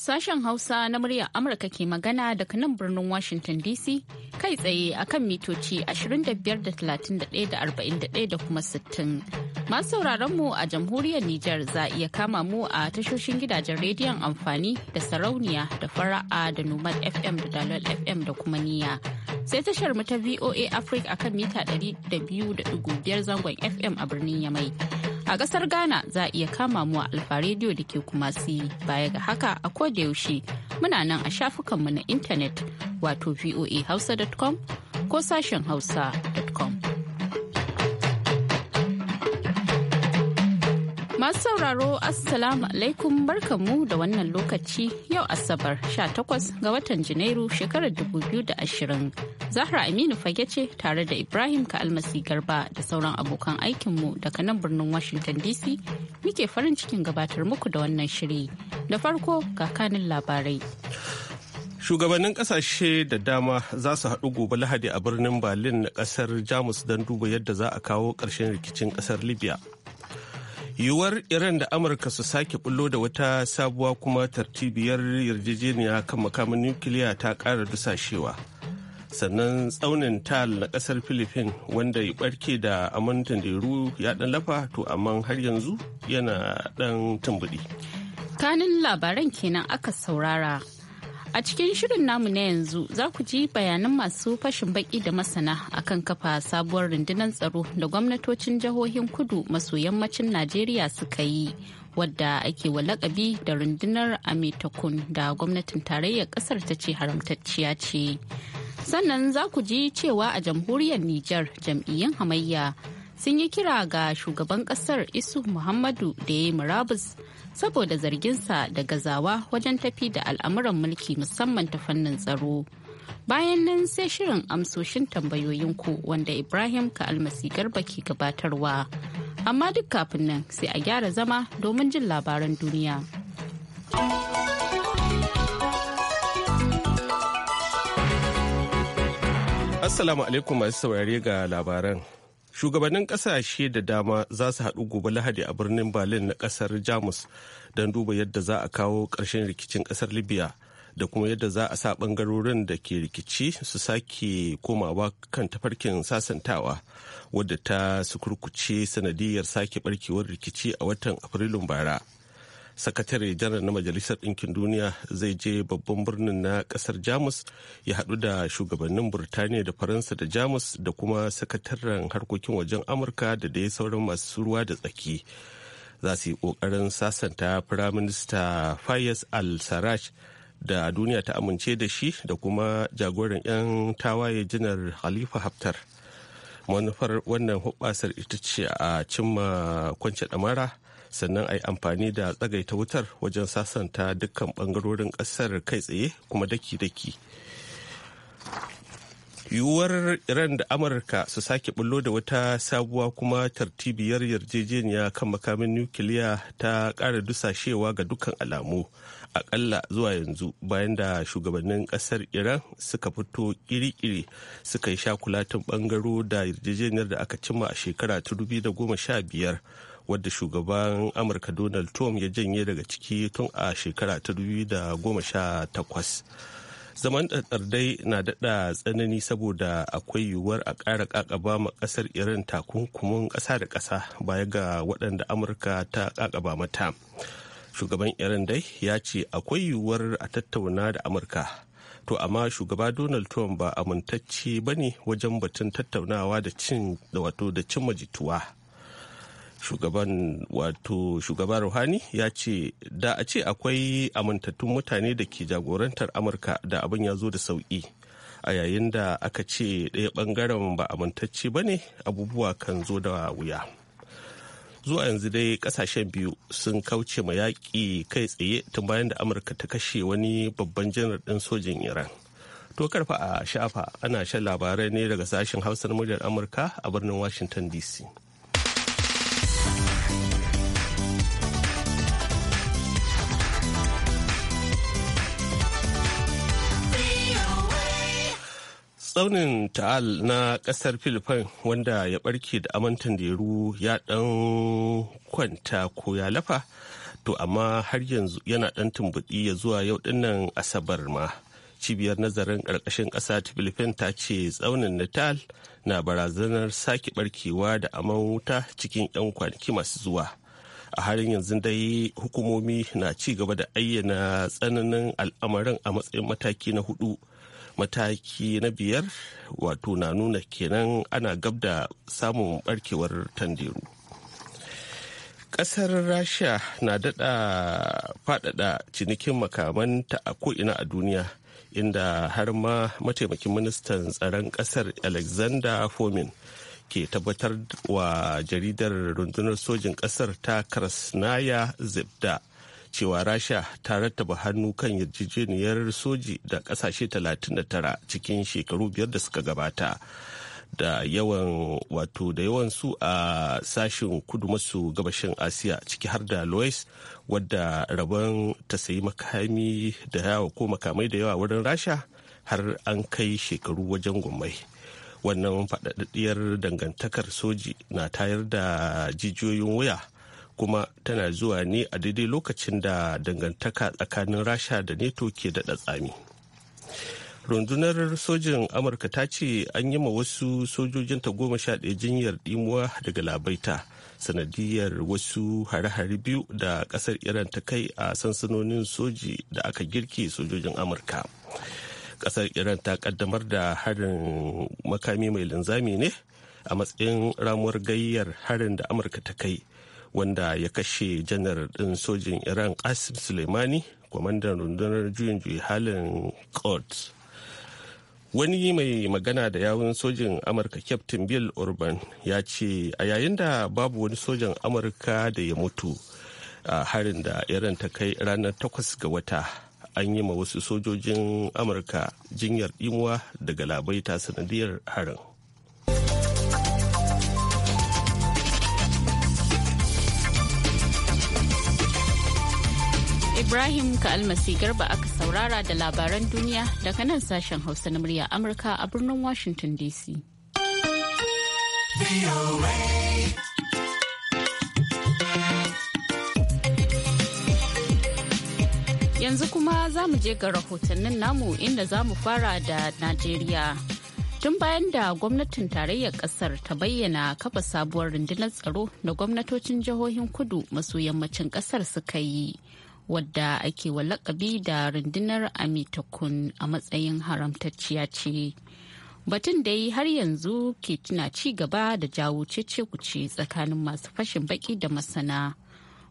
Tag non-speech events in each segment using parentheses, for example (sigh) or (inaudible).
Sashen Hausa na muryar Amurka ke magana daga nan birnin Washington DC kai tsaye akan mitoci 25 31 da kuma 60. Masu sauraronmu mu a jamhuriyar Nijar za iya kama mu a tashoshin gidajen rediyon amfani da sarauniya da fara'a da numar FM da Dalol FM da kuma niya. Sai tashar mu ta VOA Africa akan mita 200.5 zangon FM a birnin Yamai. A ƙasar Ghana za a iya kama mu a Alfa Radio da ke kuma baya ga haka a koda yaushe muna nan a shafukanmu na intanet wato voahausa.com ko sashen hausa.com. Masu sauraro Assalamu alaikum barkanmu da wannan lokaci yau Asabar 18 ga watan Janairu shekarar 2020. Zahra Aminu fage ce tare da Ibrahim Ka'almasi Garba da sauran abokan aikinmu daga nan birnin Washington DC muke farin cikin gabatar muku da wannan shiri. Da farko ga kanin labarai. shugabannin kasashe da dama za su haɗu gobe lahadi a birnin berlin na ƙasar jamus don duba yadda za a kawo ƙarshen rikicin ƙasar libya yiwuwar iran da amurka su sake bullo da wata sabuwa kuma tartibiyar yarjejeniya kan makamin nukiliya ta ƙara dusashewa sannan tsaunin tal na ƙasar filifin wanda ya barke da amintan ya dan lafa to amma har yanzu yana ɗan tumbudi kanin labaran kenan aka saurara A cikin shirin namu na yanzu za ku ji bayanan masu fashin baki da masana akan kafa sabuwar rundunar tsaro da gwamnatocin jihohin kudu maso yammacin Najeriya suka yi wadda ake wa lakabi da rundunar Amitakun da gwamnatin tarayyar kasar ta ce haramtacciya ce. Sannan za ku ji cewa a jamhuriyar Nijar jam'iyyun hamayya sun yi kira ga shugaban kasar Isu Muhammadu da ya yi murabus saboda zarginsa da gazawa wajen tafi da al'amuran mulki musamman ta fannin tsaro. Bayan nan sai shirin amsoshin tambayoyin ku wanda Ibrahim ka almasi garba ke gabatarwa. Amma duk kafin nan sai a gyara zama domin jin labaran duniya. Assalamu alaikum masu saurari ga labaran. shugabannin kasashe da dama za su haɗu gobe lahadi a birnin berlin na ƙasar jamus don duba yadda za a kawo ƙarshen rikicin ƙasar libya da kuma yadda za a sa ɓangarorin da ke rikici su sake komawa kan tafarkin sasantawa wadda ta sukurkuce sanadiyar sake barkewar rikici a watan afrilun bara. sakatare janar na majalisar ɗinkin duniya zai je babban birnin na ƙasar jamus ya haɗu da shugabannin burtaniya da faransa da jamus da kuma sakataren harkokin wajen amurka da dai sauran masu ruwa da tsaki za su yi ƙoƙarin sasanta firaminista fayez al-sarraj da duniya ta amince da shi da kuma jagoran 'yan tawaye janar halifa haftar manufar wannan hubbasar ita ce a cimma kwance damara sannan a yi amfani da tsagaita wutar wajen sasanta dukkan bangarorin ƙasar kai tsaye kuma daki-daki yiwuwar iran da amurka su sake bullo da wata sabuwa kuma tartibiyar yarjejeniya kan makamin nukiliya ta kara dusashewa ga dukkan alamu akalla zuwa yanzu bayan da shugabannin kasar iran suka fito kiri-kiri suka yi shakulatin bangaro da yarjejeniyar da aka cimma a shekara ta biyar wadda shugaban amurka donald trump ya janye daga ciki tun a shekara ta takwas zaman dai na daɗa tsanani saboda akwai yiwuwar a ƙara ƙaƙaba ma ƙasar iran takunkumin ƙasa da ƙasa baya ga waɗanda amurka ta ƙaƙaba mata shugaban iran dai ya ce akwai yiwuwar a tattauna da amurka to amma shugaba donald trump ba amintacci ba ne wajen batun tattaunawa da cin da wato da cin majituwa shugaban wato shugaba ruhani ya ce da a ce akwai amintattun mutane da ke jagorantar amurka da abin ya zo da sauƙi a yayin da aka ce ɗaya ɓangaren ba amintacce ba ne abubuwa kan zo da wuya zuwa yanzu dai kasashen biyu sun kauce ma yaƙi kai tsaye tun bayan da amurka ta kashe wani babban janar ɗin sojin iran to karfa a shafa ana shan labarai ne daga sashen hausar muryar amurka a birnin washington dc tsaunin ta'al na kasar filifin wanda ya barke da amantan da ya ya dan kwanta ko ya lafa to amma har yanzu yana dan tumbudi ya zuwa yau dinnan asabar ma cibiyar nazarin ƙarƙashin ƙasa ta philippines ta ce tsaunin natal na barazanar sake barkewa da aman wuta cikin 'yan kwanaki masu zuwa a harin yanzu dai hukumomi na ci gaba da ayyana tsananin al'amarin a matsayin mataki na hudu mataki na biyar wato na nuna kenan ana gab da samun barkewar tandiru. kasar rasha na dada fadada cinikin makamanta a ko'ina a duniya inda har ma mataimakin ministan tsaron kasar alexander fomin ke tabbatar wa jaridar rundunar sojin kasar ta krasnaya zibda cewa rasha ta rattaba hannu kan yarjejeniyar soji da kasashe 39 cikin shekaru biyar da suka gabata da yawan wato da yawan su a sashen kudu maso gabashin asiya ciki har da lois wadda rabon ta sayi makami da yawa ko makamai da yawa wurin rasha har an kai shekaru wajen gumai wannan faɗaɗɗiyar dangantakar soji na tayar da jijiyoyin wuya kuma tana zuwa ne a daidai lokacin da dangantaka tsakanin rasha da neto ke da tsami. rundunar sojin amurka ta ce an yi ma wasu sojojinta goma sha ɗaya jinyar ɗimuwa daga labaita sanadiyar wasu hare-hare biyu da ƙasar iran ta kai a sansanonin soji da aka girke sojojin amurka ƙasar iran ta ƙaddamar da harin makami mai linzami ne a matsayin ramuwar gayyar harin da amurka ta kai wanda ya kashe janar ɗin sojin iran qasim suleimani kwamandan rundunar juyin juyi halin quds wani mai magana da yawun sojin amurka captain bill urban ya ce a yayin da babu wani sojan amurka da ya mutu a harin da iran ta kai ranar takwas ga wata an yi ma wasu sojojin amurka jinyar imuwa daga ta sanadiyar harin Ibrahim almasi Garba aka saurara da labaran duniya daga nan sashen Hausa na murya Amurka a birnin Washington DC. Yanzu kuma za mu je ga rahotannin namu inda za mu fara da Najeriya. Tun bayan da gwamnatin tarayyar kasar ta bayyana kafa sabuwar rundunar tsaro da gwamnatocin jihohin kudu masu yammacin kasar suka yi. wadda ake wa lakabi da rundunar amitakun a matsayin haramtacciya ce batun da yi har yanzu ke tuna ci gaba da jawo cece kuce tsakanin masu fashin baki da masana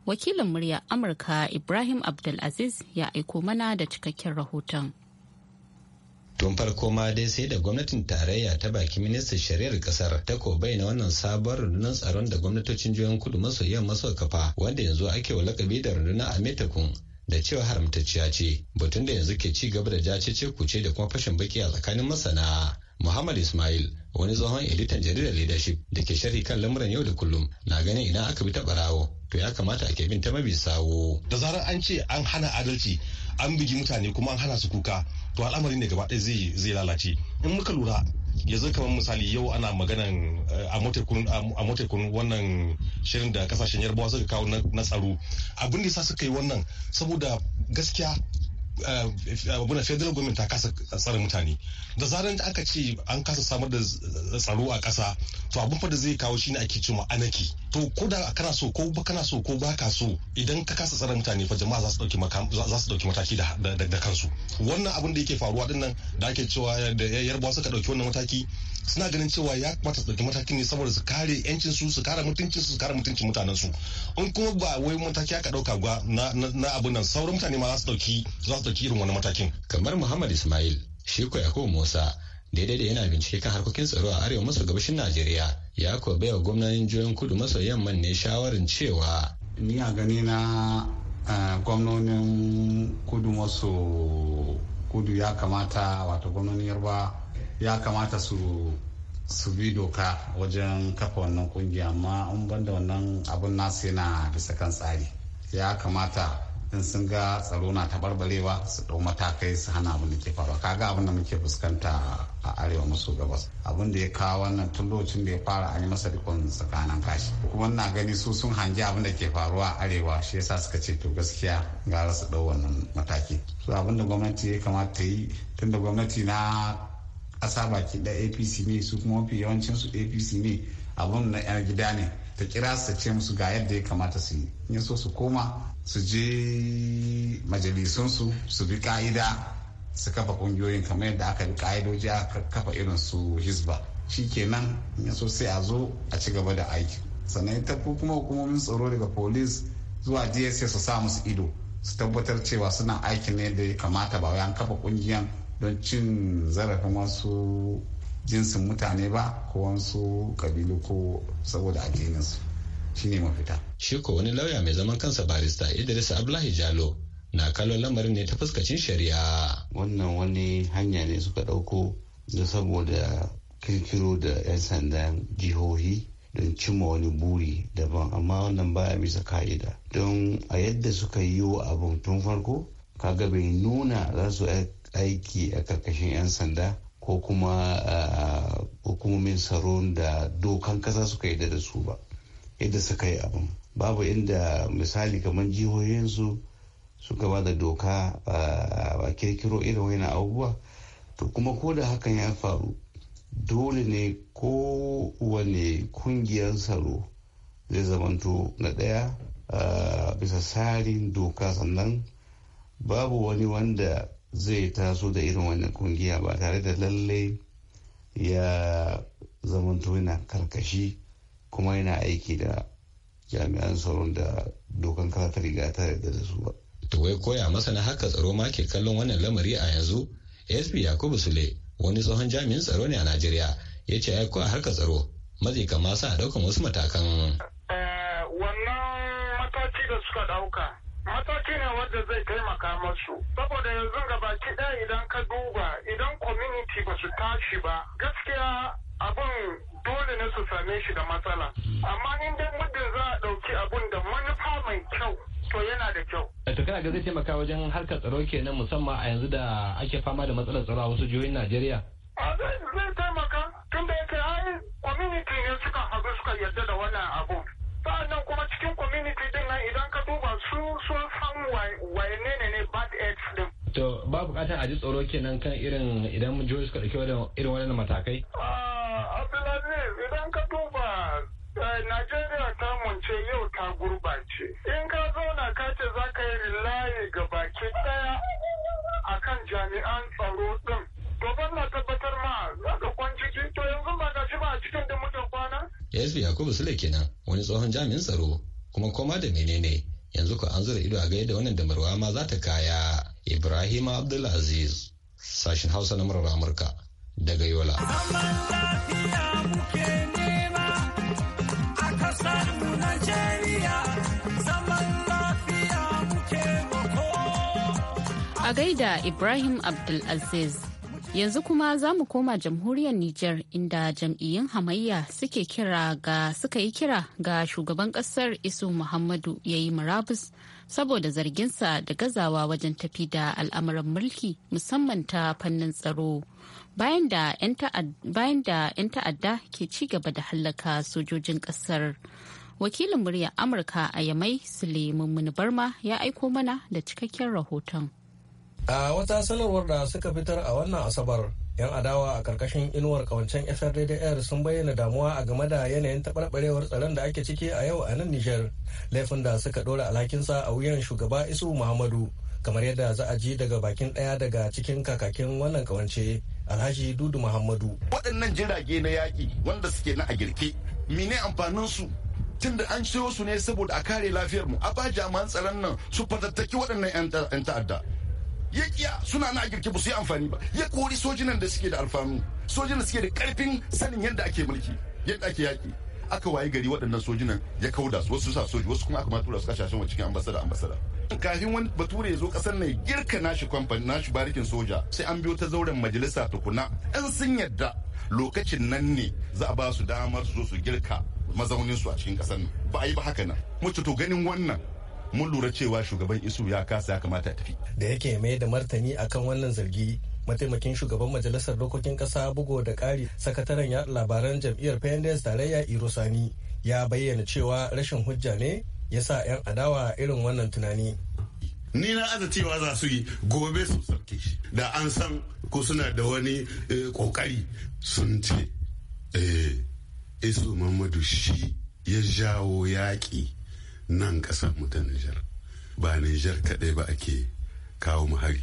wakilin murya amurka ibrahim abdulaziz ya aiko mana da cikakken rahoton tun farko ma dai sai da gwamnatin tarayya ta baki ministan shari'ar kasar ta ko bayyana wannan sabon rundunar tsaron da gwamnatocin jihohin kudu maso yamma suka kafa wanda yanzu ake wa lakabi da rundunar ametakun da cewa haramtacciya ce batun da yanzu ke ci gaba da jace ce kuce da kuma fashin baki a tsakanin masana Muhammad Ismail wani tsohon editan jaridar leadership da ke sharhi kan lamuran yau da kullum na ganin idan aka bi ta barawo to ya kamata a bin ta mabi sawo. Da zarar an ce an hana adalci an bugi mutane kuma an hana su kuka to al'amarin da gaba ɗaya zai lalace. In muka lura yanzu kamar misali yau ana maganan eh, a kun wannan shirin da kasashen yarbawa suka kawo na tsaro abin da sa suka yi wannan saboda gaskiya Eh, eh, abuna federal government ta kasa tsare mutane da zaran da aka ce an kasa samar da tsaro a kasa to abun fa da zai kawo shine ake cewa anaki to ko da kana so ko ba kana so ko ba ka so idan ka kasa tsare mutane fa jama'a za su dauki za su dauki mataki da kansu wannan abun da yake faruwa din da ake cewa da yarbawa suka dauki wannan mataki suna ganin cewa ya kamata su ɗauki matakin ne saboda su kare yancin su su kare mutuncin su kare mutuncin mutanen su in kuma ba wai mataki aka dauka ba na abun nan sauran mutane ma za su dauki za su dauki irin wani matakin kamar muhammad ismail shi ko yakubu musa daidai da yana bincike kan harkokin tsaro a arewa maso gabashin najeriya ya ko wa gwamnanin jihohin kudu maso yamman ne shawarin cewa ni a gani na gwamnonin kudu maso kudu ya kamata wato gwamnonin yarba ya kamata su su bi doka wajen kafa wannan kungiya amma in ban wannan abun nasu yana bisa kan tsari ya kamata in sun ga tsaro na taɓarɓarewa su ɗau matakai su hana abin da ke faruwa kaga abin da muke fuskanta a arewa maso gabas abin da ya kawo wannan tun lokacin da ya fara a yi masa rikon tsakanin kashi kuma na gani su sun hangi abin da ke faruwa a arewa shi yasa suka ce to gaskiya gara su ɗau wannan mataki Su abin da gwamnati ya kamata ta yi tun gwamnati na ƙasa baki da apc ne su kuma mafi yawancin su apc ne abun na yan gida ne ta kira su ce musu ga yadda ya kamata su yi in so su koma su je majalisunsu su bi ka'ida su kafa kungiyoyin kamar yadda aka bi ka'idoji aka kafa irin su hisba shi kenan in so sai a zo a ci gaba da aiki sannan ta kuma hukumomin tsaro daga police zuwa dss su sa musu ido su tabbatar cewa suna aikin ne da ya kamata ba wai an kafa kungiyan don cin zarafin masu jinsin mutane ba ko wasu kabilu ko saboda addininsu shine mafita. Shi ko wani lauya mai zaman kansa barista Idris Abdullahi Jalo na kallon lamarin ne ta fuskacin shari'a. Wannan wani hanya ne suka ɗauko da saboda kirkiro da 'yan sandan jihohi don cimma wani buri daban amma wannan baya bisa ka'ida don a yadda suka yi wa abun tun farko kaga bai nuna za su aiki a karkashin 'yan sanda ko kuma hukumomin tsaron da dokan kasa suka yi da su ba yadda suka yi abin babu inda misali kamar jihohin su suka ba da doka a kirkiro irin waina abubuwa to kuma ko da hakan ya faru dole ne ko wani kungiyar tsaro zai zamanto na ɗaya bisa tsarin doka sannan babu wani wanda zai taso da irin wannan kungiya ba tare da lalle ya zamanto yana karkashi kuma yana aiki da jami'an tsaron da dokan kafar riga ta yarda da su ba. To wai koya masana haka tsaro ma ke kallon wannan lamari a yanzu? SP Yakubu Sule wani tsohon jami'in tsaro ne a Najeriya ya ce ai koya haka tsaro mazi kama sa daukan wasu matakan. Eh, wannan mataki da suka dauka mataki ne wanda zai taimaka masu saboda yanzu gabaki ɗaya idan ka duba idan community ba su tashi ba gaskiya abun dole ne su same shi da matsala amma in dai muddin za a ɗauki abun da manufa mai kyau to yana da kyau eh, to kana ga zai taimaka wajen harkar tsaro kenan musamman a yanzu da ake fama da matsalar tsaro a wasu jihohin Najeriya a ji tsoro kenan kan irin idan jihohi suka ɗauki irin wannan matakai? Ah, Abdulaziz idan ka duba eh, Najeriya ta munce yau ta gurbace. In ka zauna ka ce za ka yi rilaye ga baki ɗaya a kan jami'an tsaro ɗin. ban na tabbatar ma za ka kwanci to yanzu ba ga shi ba a cikin da mutum kwana. Yes, Yakubu Sule kenan wani tsohon jami'in tsaro kuma koma da menene yanzu ko an zura ido a ga yadda wannan damarwa ma za ta kaya. Ibrahim Abdulaziz, sashen Hausa na murar Amurka daga Yola. A gaida Ibrahim Abdulaziz. Yanzu kuma za mu koma jamhuriyar Nijar inda jam'iyyun hamayya suke kira ga suka yi kira ga shugaban ƙasar Isu Muhammadu ya yi murabus saboda zarginsa da gazawa wajen tafi da al'amuran mulki musamman ta fannin tsaro bayan da 'yan ta'adda ke ci gaba da hallaka sojojin kasar wakilin muryar amurka a yamai suleiman barma ya aiko mana da cikakken rahoton a wata sanarwar da suka fitar a wannan asabar 'yan adawa a karkashin inuwar kawancen FRDDR sun bayyana damuwa a game da yanayin taɓarɓarewar tsaron da ake ciki a yau a nan Nijar, laifin da suka ɗora alhakinsa a wuyan shugaba Isu Muhammadu, kamar yadda za a ji daga bakin ɗaya daga cikin kakakin wannan kawance, Alhaji Dudu Muhammadu. Waɗannan jirage na yaƙi wanda suke na a girke, mene amfaninsu? tun da an siyo su ne saboda a kare lafiyar mu a ba jami'an tsaron nan su fatattaki waɗannan 'yan ta'adda ya kiya suna na girke ba su yi amfani ba ya kori sojinan da suke da alfanu sojinan suke da karfin sanin yadda ake mulki yadda ake yaki aka waye gari waɗannan sojinan ya kauda su wasu sa soji wasu kuma aka matura su su wa cikin ambasada ambasada kafin wani bature ya zo kasar na girka nashi kwamfani nashi barikin soja sai an biyo ta zauren majalisa tukuna in sun yadda lokacin nan ne za a ba su damar su zo su girka mazauninsu a cikin kasar nan ba a yi ba haka nan mutu to ganin wannan mun lura cewa shugaban isu ya kasa ya kamata tafi da yake mai da martani akan wannan zargi mataimakin shugaban majalisar dokokin kasa bugo da ƙari sakataren ya labaran jam'iyyar pendens tarayya Sani ya bayyana cewa rashin hujja ne ya sa 'yan adawa irin wannan tunani ni na aza cewa za su yi gobe su sarki da an san ko suna da wani kokari eh, sun ce eh, isu mamadu shi ya jawo yaƙi nan kasar mu ta Nijar ba Nijar kaɗai ba ake kawo mu hari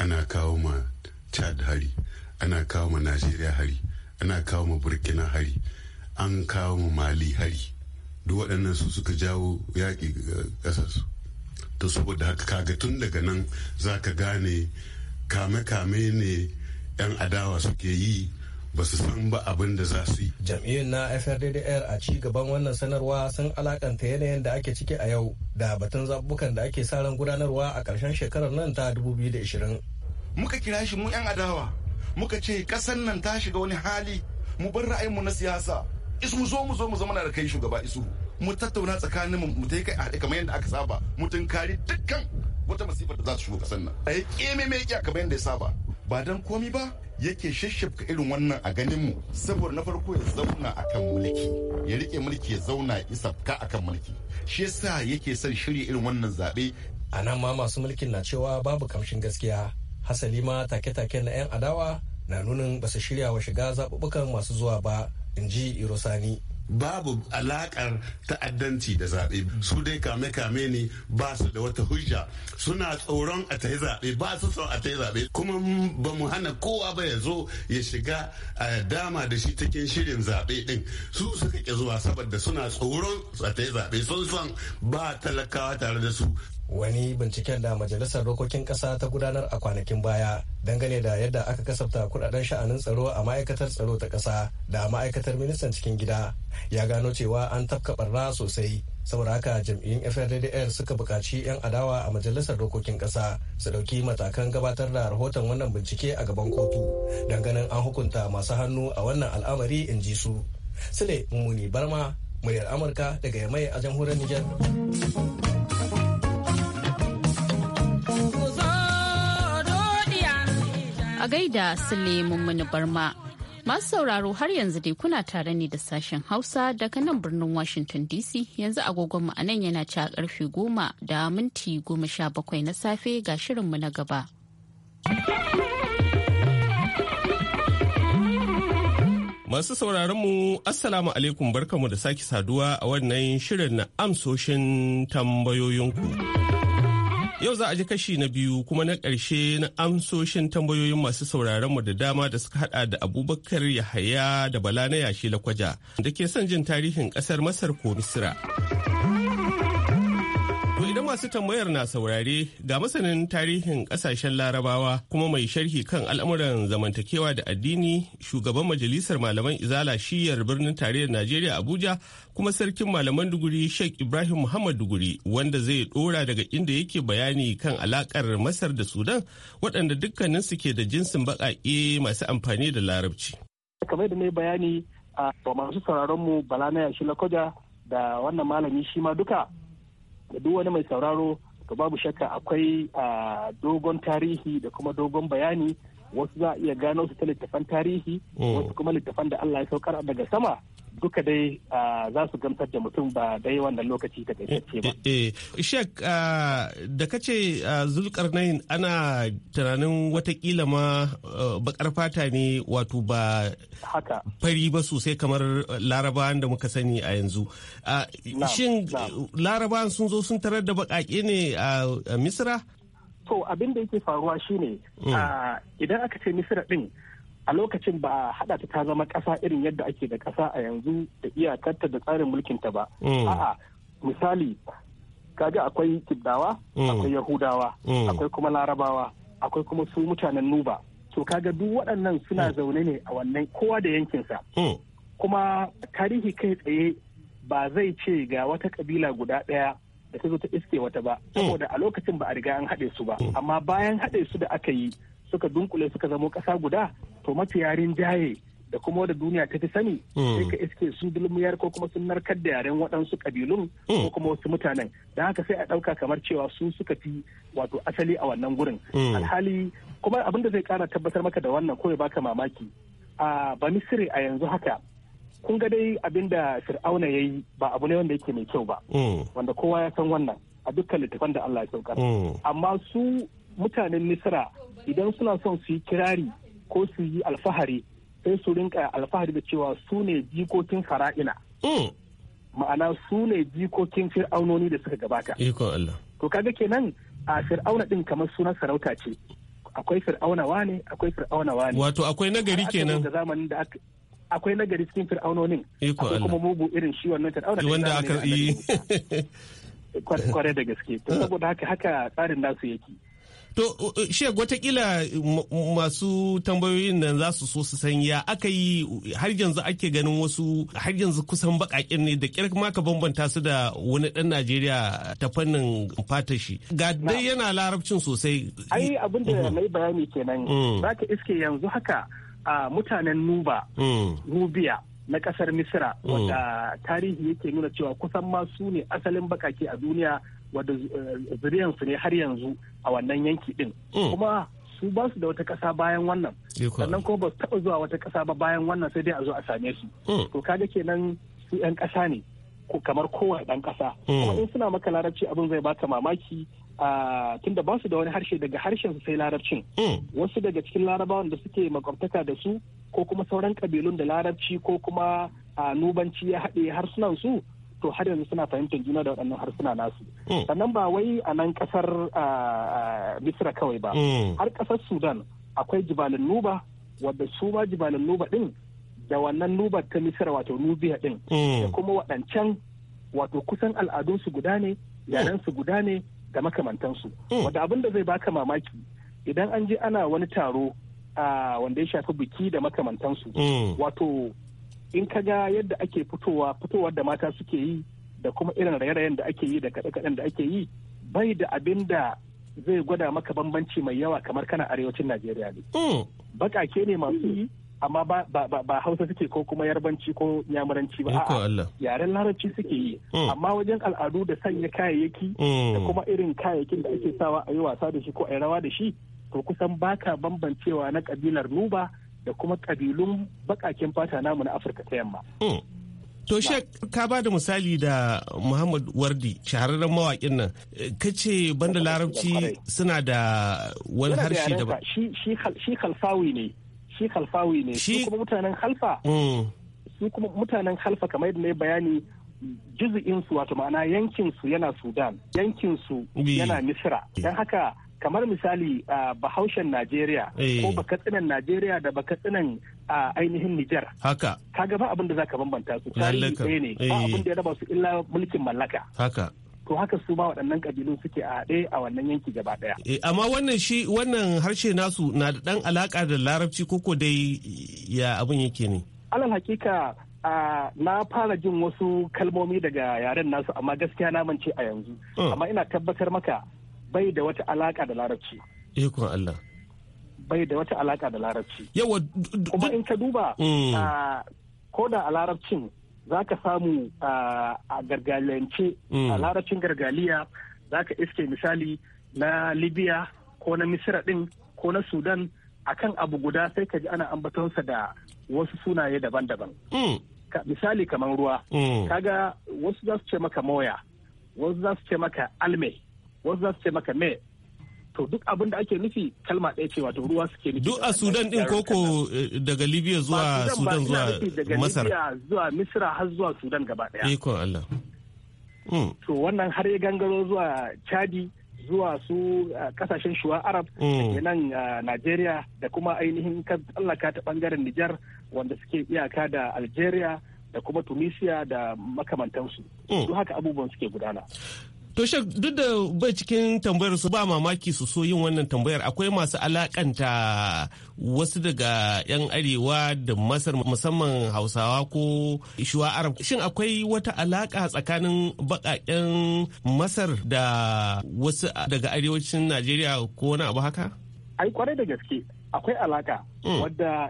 ana kawo ma Chad hari ana kawo ma Najeriya hari ana kawo ma Burkina hari an kawo ma Mali hari duk waɗannan su suka jawo yaƙi ƙasarsu to saboda haka kaga tun daga nan za ka gane kame-kame ne 'yan adawa suke yi ba su san ba abin da za su yi. Jam'iyyun na FRDDR a ci gaban wannan sanarwa sun alakanta yanayin da ake ciki a yau da batun zabukan da ake sa ran gudanarwa a ƙarshen shekarar nan ta 2020. Muka kira shi mu 'yan adawa, muka ce ƙasar nan ta shiga wani hali mu bar ra'ayin mu na siyasa. Isu mu zo mu zo mu zama da kai shugaba isu. Mu tattauna tsakanin mu ta kai a kamar yadda aka saba mu tunkari dukkan wata masifar da za ta shigo ƙasar nan. A yi ƙeme mai kamar yadda ya saba. Ba dan komi ba yake shashafka irin wannan a ganin mu saboda na farko ya zauna akan mulki ya rike mulki ya zauna isafka akan mulki shi yasa yake son shirya irin wannan zabe. a nan ma masu mulkin na cewa babu kamshin gaskiya hasali ma take-take na 'yan adawa na nunin ba su shirya wa shiga zaɓuɓɓukan masu zuwa ba in ji irosani babu alakar ta'addanci da zaɓe su dai kame-kame ne ba su da wata hujja suna tsoron a tayi zaɓe ba su son a tayi zaɓe kuma ba mu hana kowa ba ya zo ya shiga a dama da shi cikin shirin zaɓe ɗin su suka ƙi zuwa saboda suna tsoron a tayi zaɓe sun san ba talakawa tare da su wani binciken da majalisar dokokin ƙasa ta gudanar a kwanakin baya dangane da yadda aka kasafta kudaden sha'anin tsaro a ma'aikatar tsaro ta ƙasa da ma'aikatar ministan cikin gida ya gano cewa an tafka barna sosai saboda haka jam'iyyun FRDDR suka bukaci 'yan adawa a majalisar dokokin ƙasa su ɗauki matakan gabatar da rahoton wannan bincike a gaban kotu ganin an hukunta masu hannu a wannan al'amari in ji su. Sule muni Barma, muryar Amurka daga Yamai a jamhuriyar Nijar. gaida Sule Mummuni Barma. Masu sauraro har yanzu dai kuna tare ne da sashen Hausa daga nan birnin Washington DC yanzu agogonmu a nan yana ci a karfe goma da minti goma sha bakwai na safe ga shirinmu na gaba. Masu sauraronmu Assalamu alaikum barkamu da sake saduwa a wannan shirin na amsoshin tambayoyinku. Yau za a ji kashi na biyu kuma na ƙarshe na amsoshin tambayoyin masu sauraron mu da dama da suka hada da Abubakar Yahaya da Bala na yashi Lakwaja da ke son jin tarihin ƙasar Masar ko Misira. masu tambayar na saurare ga masanin tarihin kasashen larabawa kuma mai sharhi kan al'amuran zamantakewa da addini shugaban majalisar malaman izala shiyar birnin tarayyar najeriya abuja kuma sarkin malaman duguri sheikh ibrahim muhammad duguri wanda zai dora daga inda yake bayani kan alakar masar da sudan waɗanda dukkaninsu ke da jinsin baƙaƙe masu amfani da larabci kamar da mai bayani a masu sauraron mu bala na yashi lakoja da wannan malami shi ma duka da duk wani mai sauraro to babu shakka akwai dogon tarihi da kuma dogon bayani wasu za a iya gano su ta littafan tarihi mm. wasu kuma littafan da Allah ya saukar daga sama duka dai za su gamsar da mutum ba dai wannan lokaci ta ce ba. Eh, eh, eh. Shek da ka ce nan ana tunanin watakila ma bakar fata ne wato ba fari ba sosai kamar larabawan da muka sani a yanzu. Shin larabawan sun zo sun tarar da bakake ne a Misra? To abin da yake faruwa shine mm. idan aka ce Misra din. a lokacin ba a hada ta ta zama kasa irin yadda ake da kasa a yanzu da iyakarta da tsarin mulkin ta ba mm. a'a misali kaga akwai kibdawa mm. akwai yahudawa mm. akwai kuma larabawa akwai kuma su mutanen nuba to kaga duk waɗannan suna zaune ne a wannan kowa da yankinsa kuma tarihi kai tsaye ba zai ce ga wata kabila guda ɗaya da ta zo ta iske wata ba saboda a lokacin ba a riga an haɗe su ba amma bayan haɗe su da aka yi suka dunkule suka zamo ƙasa guda to yarin jaye da kuma wadda duniya ta fi sani hmm. sai ka iske sun dulmiyar ko kuma sun narkar da yaren waɗansu ƙabilun ko hmm. kuma wasu mutanen da haka sai a ɗauka kamar cewa su suka fi wato asali a wannan gurin hmm. alhali kuma abin da zai kara tabbatar maka da wannan ko ya baka mamaki a misiri a yanzu haka kun ga dai abin da fir'auna ya yi ba abu ne wanda yake mai kyau ba wanda kowa ya san wannan a dukkan littafan da Allah ya saukar amma su mutanen Misira, idan suna son su yi kirari ko su yi alfahari sai su rinka alfahari da cewa su ne jikokin fara'ina hmm. ma'ana su ne jikokin fir'aunoni da suka gabata to kaga kenan a fir'auna din kamar sunan sarauta ce akwai wa ne akwai wa ne wato akwai nagari kenan da zamanin da aka akwai nagari cikin fir'aunonin akwai kuma mugu irin shi wannan fir'auna wanda aka yi (laughs) kwarai da gaske to saboda haka haka tsarin nasu yake To, shek watakila masu tambayoyin nan za su so su san ya aka yi har yanzu ake ganin wasu har yanzu kusan bakakin ne da kyar ma ka bambanta su da wani dan Najeriya ta fannin fata shi. Ga dai yana larabcin sosai. Ai abin da mai mm-hmm. bayani kenan. Mm. Za ka iske yanzu haka a mutanen Nuba, mm. Nubiya, na kasar misira mm. wanda tarihi yake nuna cewa kusan ma su ne asalin bakake a duniya wadda eh, zuriyansu ne har yanzu a wannan yanki din mm. kuma su ba su da wata ƙasa bayan wannan sannan kuma ba su taɓa zuwa wata ƙasa ba bayan wannan sai dai a zo a same su mm. to kaga kenan su 'yan ƙasa ne kamar kowane ɗan ƙasa mm. kuma in suna maka larabci abin zai baka mamaki tunda ba su da wani harshe daga harshen su sai larabcin wasu daga cikin larabawan da suke makwabtaka da su ko kuma sauran kabilun da larabci ko kuma a nubanci ya haɗe harsunan su to har yanzu suna fahimtar juna da waɗannan harsuna nasu hmm. sannan ba wai a nan ƙasar misra kawai ba hmm. har ƙasar sudan akwai jibalin nuba wadda su ma jibalin nuba ɗin da wannan Nuba ta misra wato nubiya ɗin da hmm. kuma waɗancan wato kusan al'adunsu guda ne yarensu guda ne da makamantansu wadda abin da zai baka mamaki idan an je ana wani taro wanda ya shafi biki da makamantansu wato in ka ga yadda ake fitowa fitowar da mata suke yi da kuma irin raye-rayen da ake yi da kaɗe-kaɗen da ake yi bai da abin da zai gwada maka bambanci mai yawa kamar kana arewacin najeriya ne hmm. baƙaƙe ne masu yi amma ba hausa suke ko kuma yarbanci ko yamuranci ba yaren larabci suke yi hmm. amma wajen al'adu da sanya kayayyaki da hmm. kuma irin kayayyakin da ake sawa a yi wasa da shi ko a yi rawa da shi to kusan baka bambancewa na kabilar nuba da kuma kabilun bakakin fata namu na afirka ta yamma hmm. To she ka ba da misali da Muhammad Wardi shahararren mawaƙin nan kace banda larabci suna da wani harshe daban. Shi halfawi ne. Shi halfawi ne. Shi kuma mutanen halfa. Su kuma mutanen halfa hmm. kamar yadda na bayani juzu'insu wato ma'ana yankinsu yana Sudan, yankinsu yana Misira. Don haka kamar misali a bahaushen najeriya eh. ko bakatsinan najeriya da bakatsinan a ainihin Nijar. Haka. Ka gaba abin da za ka bambanta su tarihi ɗaya ne ba eh. abin da ya raba su illa mulkin mallaka. Haka. To haka su ma waɗannan ƙabilun suke a haɗe a wannan yanki gaba ɗaya. Eh, amma wannan shi wannan harshe nasu na da ɗan alaƙa da larabci koko dai ya abin yake ne. Alal hakika na fara jin wasu kalmomi daga yaren nasu amma gaskiya na mance a yanzu. Oh. Amma ina tabbatar maka bai da wata alaka da larabci ikon Allah bai da wata alaka da larabci yawa kuma in ka duba mm. ko da a larabcin za ka samu a gargaliyance a mm. larabcin gargaliya za ka iske misali na libya ko na misira ɗin ko na sudan akan abu guda sai ka ji ana ambatonsa da wasu sunaye daban-daban mm. misali kamar ruwa kaga wasu za su ce maka moya wasu za su ce maka almai wasu za su ce maka me to duk abin da ake nufi kalma ɗaya ce wato ruwa suke nufi duk a sudan din koko eh, daga libya zuwa sudan zuwa masar daga zuwa misra har zuwa sudan gaba ɗaya ikon allah hmm. to wannan har ya gangaro zuwa chadi zuwa su kasashen eh, shuwa arab da hmm. nan eh, nigeria da kuma ainihin tsallaka ta bangaren nijar wanda suke iyaka da algeria da kuma tunisia da makamantansu hmm. duk haka abubuwan suke gudana To shek duk da bai cikin tambayar su ba mamaki su so yin wannan tambayar akwai masu alakanta wasu daga 'yan arewa da masar musamman hausawa ko shuwa arab shin akwai wata alaka tsakanin bakaken masar da wasu daga arewacin najeriya ko wani abu haka ai kwarai da gaske akwai alaka hmm. wadda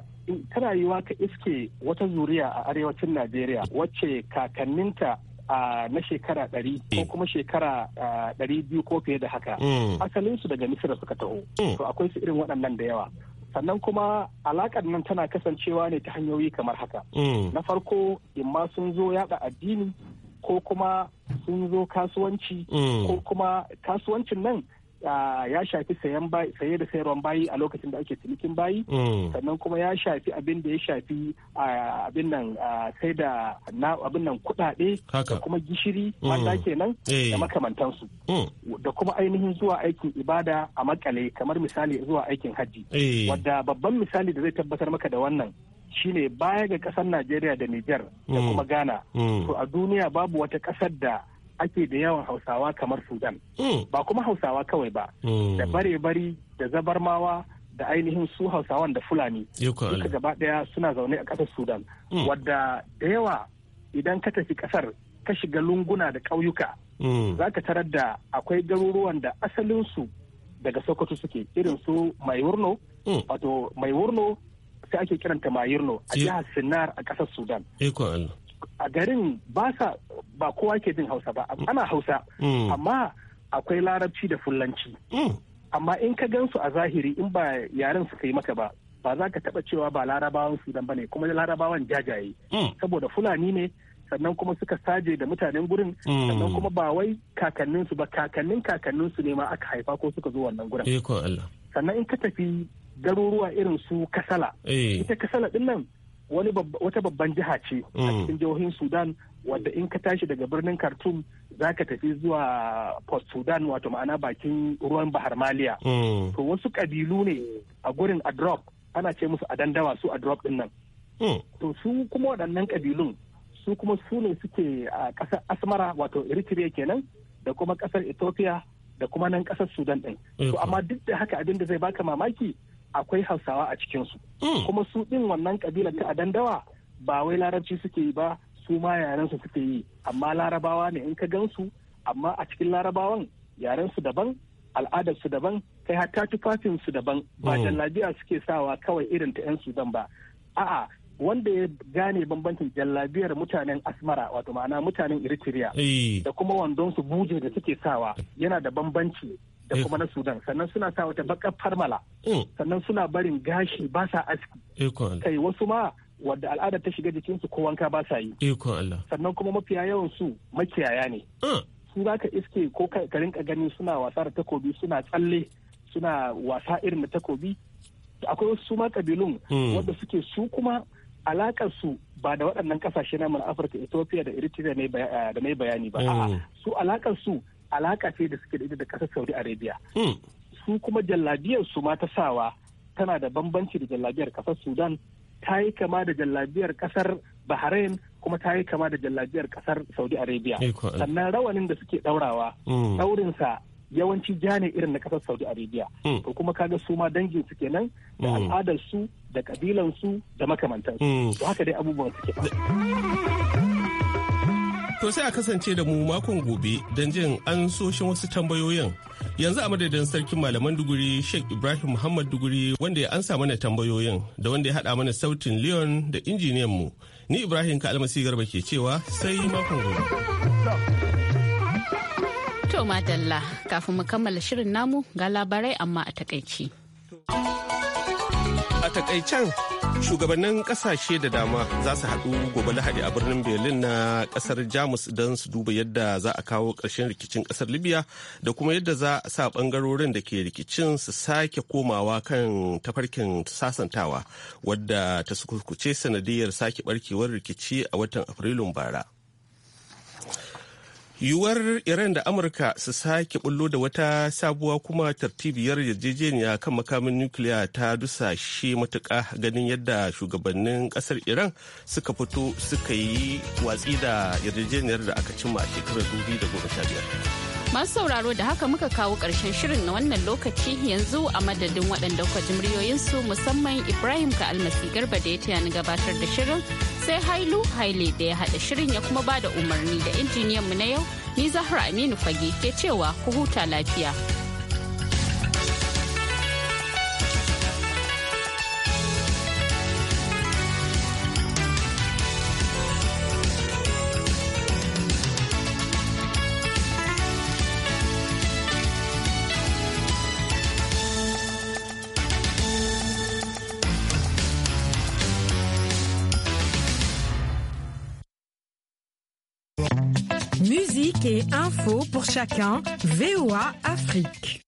ta rayuwa ka iske wata zuriya a arewacin najeriya wacce kakanninta na shekara ɗari ko mm. kuma shekara ɗari biyu ko fiye da haka mm. asalinsu daga misira suka taho mm. to akwai su irin waɗannan da yawa sannan kuma alaƙar nan tana kasancewa ne ta hanyoyi kamar haka na farko imma sun zo yada addini ko kuma sun zo kasuwanci ko kuma kasuwancin nan ya shafi saye da sayarwan bayi a lokacin da ake cinikin bayi mm. sannan kuma ya shafi abin da ya shafi abin nan sai da abin nan kuɗaɗe da kuma gishiri mm. mata kenan da eh. makamantansu mm. da kuma ainihin zuwa aikin ibada a makale kamar misali zuwa aikin hajji eh. wadda babban misali da zai tabbatar maka da wannan shine baya ga kasar Najeriya da Niger. da kuma Ghana to a duniya babu wata kasar da ake da yawan hausawa kamar sudan mm. ba kuma hausawa kawai ba mm. da bare-bari da zabarmawa da ainihin su hausawan da fulani duka gaba daya suna zaune a ƙasar sudan mm. wadda da yawa idan ka tafi ƙasar ka shiga lunguna da ƙauyuka za ka tarar da akwai garuruwan da asalinsu daga sokoto suke irin su mai wurno wato mai sai ake kiranta mayurno a jihar sinar a ƙasar sudan a garin ba sa ba kowa ke jin hausa ba ana hausa mm. amma akwai larabci da fulanci mm. amma in ka gansu a zahiri in ba yaren suka yi maka ba ba za ka taba cewa ba larabawan sudan ba ne kuma larabawan jajaye mm. saboda fulani ne sannan kuma suka saje da mutanen gurin sannan kuma ba wai kakanninsu ba kakannin kakanninsu ne ma aka haifa ko suka zo wannan gurin eh, sannan in ka tafi garuruwa irin su kasala eh. ita kasala din nan wani wata babban jiha ce a mm. cikin jihohin sudan wadda in ka tashi daga birnin khartoum za ka tafi zuwa port sudan wato ma'ana bakin ruwan bahar maliya mm. to wasu kabilu ne a gurin adrop ana ce musu adandawa su adrop din nan mm. to su kuma waɗannan kabilun su kuma su ne suke a ƙasar asmara wato eritrea kenan da kuma ƙasar ethiopia da kuma nan ƙasar sudan din to amma duk da haka abin da zai baka mamaki akwai hausawa a cikinsu hmm. kuma su ɗin wannan ƙabilar ta adandawa ba wai larabci suke yi ba su ma yarensu suke yi amma larabawa ne in ka gansu amma a cikin larabawan yarensu daban al'adarsu daban kai hatta tufafinsu daban ba hmm. jallabiya suke sawa kawai irin ta 'yan sudan ba a'a wanda ya gane bambancin jallabiyar mutanen asmara wato ma'ana mutanen eritrea eh. da kuma wandon su buje da suke sawa eh. yana da bambanci da eh. kuma na sudan sannan suna sa wata bakar farmala mm. sannan suna barin gashi ba sa aski kai wasu ma wadda al'ada ta shiga jikinsu ko wanka ba sa yi sannan kuma mafiya yawan su makiyaya ne mm. su za ka iske ko ka rinka gani suna wasa da takobi suna tsalle suna wasa irin da takobi akwai wasu ma kabilun mm. wadda suke su kuma alakar su ba da waɗannan kasashe na mun Afirka Ethiopia da Eritrea eh, da mai bayani ba su alakar su alaka ce da suke da ita da ƙasar saudi arabia hmm. su kuma jallabiyar su ma ta sawa tana da bambanci da jallabiyar ƙasar sudan ta yi kama da jallabiyar ƙasar bahrain kuma ta yi kama da jallabiyar ƙasar saudi arabia eh, sannan rawanin da suke ɗaurawa hmm. ɗaurinsa yawanci ja ne irin na ƙasar saudi arabia hmm. to kuma kaga su ma dangin su kenan da al'adar su da kabilan su da makamantansu to haka dai abubuwan suke To sai a kasance da mu makon gobe don jin an soshin wasu tambayoyin. Yanzu a madadin sarkin malaman duguri Sheikh Ibrahim Muhammad duguri wanda ya ansa mana tambayoyin da wanda ya haɗa mana sautin Leon da injiniyan mu. Ni Ibrahim ka almasi garba ke cewa sai makon gobe. To madalla kafin mu kammala shirin namu ga labarai amma a takaici. A takaicen shugabannin kasashe da dama za su haɗu gobe lahadi a birnin berlin na ƙasar jamus don su duba yadda za a kawo ƙarshen rikicin ƙasar libya da kuma yadda za a sa ɓangarorin da ke rikicin su sake komawa kan tafarkin sasantawa wadda ta sukurkuce sanadiyar sake barkewar rikici a watan afrilun bara. yiwuwar iran da amurka su sake bullo da wata sabuwa kuma tartibiyar yarjejeniya kan makamin nukiliya ta dusashe matuka ganin yadda shugabannin kasar iran suka fito suka yi watsi da yarjejeniyar da aka cimma a shekarar 2015 Masu sauraro da haka muka kawo ƙarshen shirin na wannan lokaci yanzu a madadin waɗanda kwa su musamman Ibrahim ka almasi garba da ya taya ni gabatar da shirin sai Hailu Haile da ya haɗa shirin ya kuma ba da umarni da injiniyan mu na yau ni Zahra Aminu Fage ke cewa ku huta lafiya. Info pour chacun, VOA Afrique.